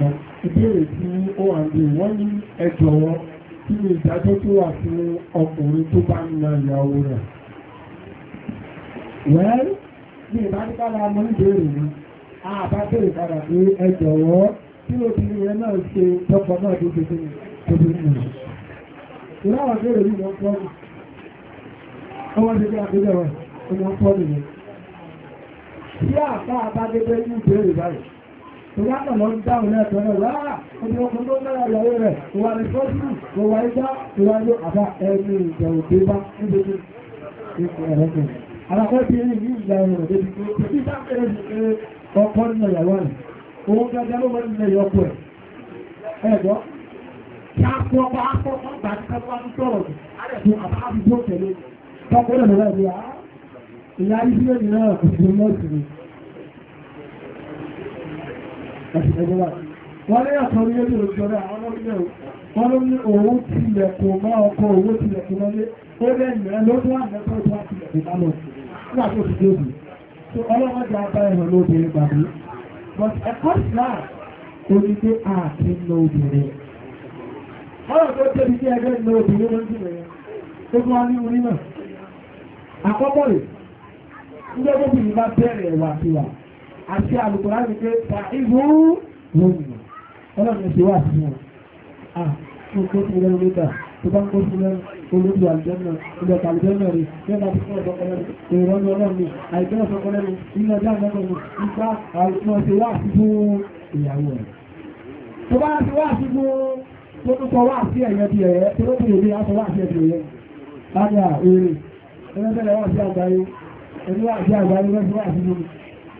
ìbéèrè tí ó wà ní wọ́n ní ẹ jọ̀wọ́ kí ni ìdájọ́ tó wà fún ọkùnrin tó bá ń na ìyàwó rẹ̀ wẹ́ẹ́rì ní ìbáníkàlà ọmọ ìbéèrè ni àbá bèèrè padà pé ẹ jọ̀wọ́ tí obìnrin rẹ̀ náà ṣe tọkọ náà tó ṣe fún obìnrin rẹ̀ ìláwọ̀ bèèrè ní wọ́n tọ́ ọmọ ṣe bí àpéjọ rẹ̀ ó wọ́n tọ́ nìyẹn tí àbá àbá gẹ́gẹ́ ní ìbéèrè báyìí ìyáàkà lọ ń dáhùn lẹ́ẹ̀tọ́ náà rárá ojú ọkùn tó náà lọ́wọ́ rẹ̀ ìwà rẹ̀fọ́sùn ìwà ìjá ìwájú àbá ẹni ìjẹ̀wò tó bá níbi ipò ẹ̀rẹ́kùn alákọ́ ti rí ní ìyàwó rẹ̀ òun gẹ́gẹ́ ló mọ́ nínú ọkọ̀ akọ̀ ọgbà rẹ̀ bí Wọ́n ní àtọ́ ní ẹbí òjòrò àwọn ọmọdé wọ́n ló ní owó tilẹ̀ kò mọ́ ọkọ̀ owó tilẹ̀ kò mọ́lé, ó rẹ̀ ìrẹ́ ló tó àmì ẹ̀kọ́ tó àti ẹ̀kọ́ bá lọ sí. Nígbà tó ti dé bì. So ọlọ́wọ́ jẹ́ abá ẹ̀rọ lóbìnrin gbàgbé. But ẹ̀kọ́ náà ó ní pé ààkí ń lo obìnrin. Ọ̀rọ̀ tó tẹ́bi tí ẹgbẹ́ ń lo obìnrin ló ń jìnà yẹn. Ó fún wa ní orí náà. Àkọ́kọ́ rẹ̀, ń àti àlùkùrá ní pé ta ìlú lónìí ọlọ́run ti wà sí wọn à tó kó sí lẹ́nu lítà tó bá ń kó sí lẹ́nu olóòtú àlùjẹ́nà ilẹ̀ àlùjẹ́nà rẹ̀ yẹ́nà tó fún ọ̀dọ́kọlẹ́nu èrò ọ̀nà ọlọ́run àìjẹ́ ọ̀dọ́kọlẹ́nu ilẹ̀ ọjà mẹ́kọ̀ọ́nù nípa àìsàn ti wà sí fún ìyàwó rẹ̀ tó bá ti wà sí fún tó tó sọ wà sí ẹ̀yẹ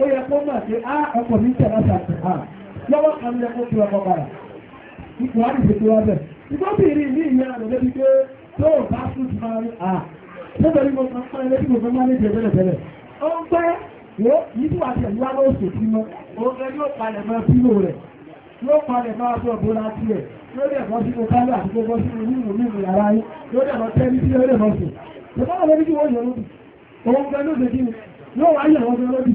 ó yẹ kó mọ̀ sí á ah, ọkọ̀ mi tẹ̀ lọ́sà sí á lọ́wọ́ kan lẹ kó tura ọkọ̀ bàrà ipò á nìṣe tura bẹ̀. ìgbọ́bìnrin ní ìyá rẹ̀ lẹ́bi pé tó o bá tún ti máa rí à ah, nítorí mo kàn fún ẹ lẹ́bi mo fẹ́ máa ní ìjẹ tẹ́lẹ̀tẹ́lẹ̀. ó ń pẹ́ wo yìí wà tẹ̀ ní wàlọ́ òsè tí mo òun rẹ yóò palẹ̀ mọ́ pílò rẹ̀ yóò palẹ̀ mọ́ abọ́ bọ́lá tiẹ̀ lórí ẹ̀kọ́ sínú kálọ̀ àti gbogbo sínú nínú nínú yàrá yín lórí ẹ̀kọ́ tẹ́lí sí lórí ẹ̀kọ́ sùn. ìbáwọ̀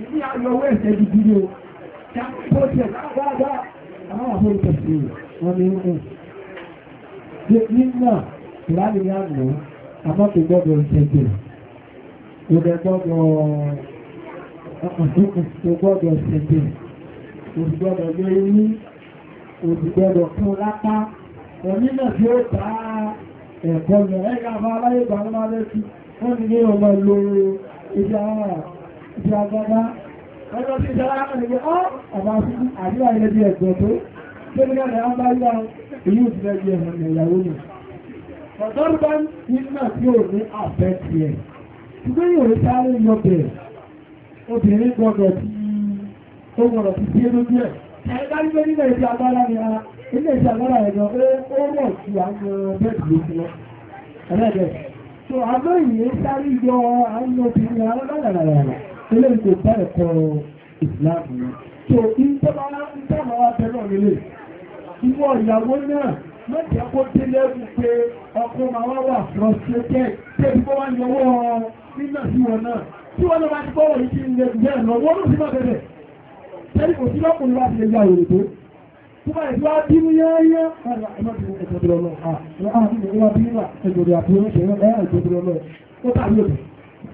ìdí ayọwọ́ ẹ̀sẹ̀ gidi ni o ṣàkóso dáadáa àwọn àwọn olùtẹ̀sí wọn ni wọn ṣe nígbà ìlànà ìyànà àmọ́ kò gbọ́dọ̀ ṣẹ̀jẹ̀ kò dẹ̀ gbọ́dọ̀ kò gbọ́dọ̀ ṣẹ̀jẹ̀ kò gbọ́dọ̀ lórí kò gbọ́dọ̀ kún lápá ẹ̀mí náà tí ó bá ẹ̀kọ́ lọ ẹ̀ka àwọn aláyébà wọn máa lẹ́sí wọ́n ti ní ọmọ lórí iṣẹ́ ìjọ agbada ọjọ́ sí ìjọba àkànlẹ̀ ọ́ ọba sí àríwá ilẹ̀ bí ẹ̀gbọ́n tó tóbi náà lẹ́yìn bá yá èyí ò ti rẹ̀ bí ẹ̀mọ̀ ìyàwó nù ọ̀dọ́rù bá ní náà tí ò ní àfẹ́ tiẹ̀ ṣùgbọ́n yóò rí sáré lọ bẹ̀ obìnrin gbọdọ̀ tí ó gbọdọ̀ ti dé lójú ẹ̀ ẹ̀ka ní pé nílẹ̀ ìdí agbára ni ara nílẹ̀ ìdí agbára ẹ̀jọ̀ pé ó rọ̀ sí àwọn bẹ́ẹ̀dì lójú lọ ẹ̀rẹ́dẹ̀ so àgbẹ̀yìn sáré yọ àwọn obìnrin alágbàdàrà eléyìí kò bá ẹ̀kọ́ ìsìláàmù rẹ̀ tó kí n tọ́lá ń tọ́lá wa bẹ̀rẹ̀ ọ̀rẹ́lẹ̀ ìwọ ìyàwó náà mẹ́jẹ̀ kó délé ẹ̀kú pé ọkọ máa wá wà frustrated tẹ́bí kó wá yọwọ́ nínà sí wọn náà tí wọn náà bá ti bọ́wọ̀ yìí kí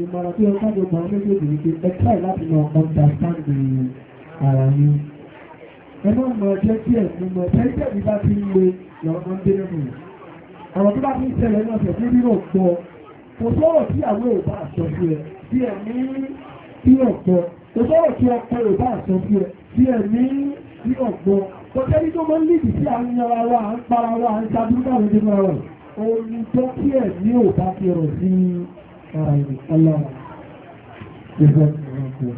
ìmọ̀ràn tí ọjọ́ gbogbo àwọn méjèèjì wípé ẹ try láti mọ understand ara yín ẹ má mọ ẹjẹ́ tí ẹ̀ mú mọ ẹjẹ́ tí ẹ̀mí bá ti ń le lọ́wọ́ máa ń dé nínú ọ̀rọ̀ tó bá ti ń ṣẹlẹ̀ náà ṣẹ̀ fún rírò gbọ́ kò sọ̀rọ̀ tí àwọn ò bá sọ sí ẹ tí ẹ̀mí tí ọ̀gbọ́ kò sọ̀rọ̀ tí ọkọ ò bá sọ sí ẹ tí ẹ̀mí tí ọ̀gbọ́ kò tẹ́lí tó máa ń lìdì sí àwọn ara wa à ń para wa à ń ṣàdúrà lójúmọ́ rẹ̀ òun tó tí ẹ̀mí ò bá ti rọ̀ sí i lára ìlú sálàmù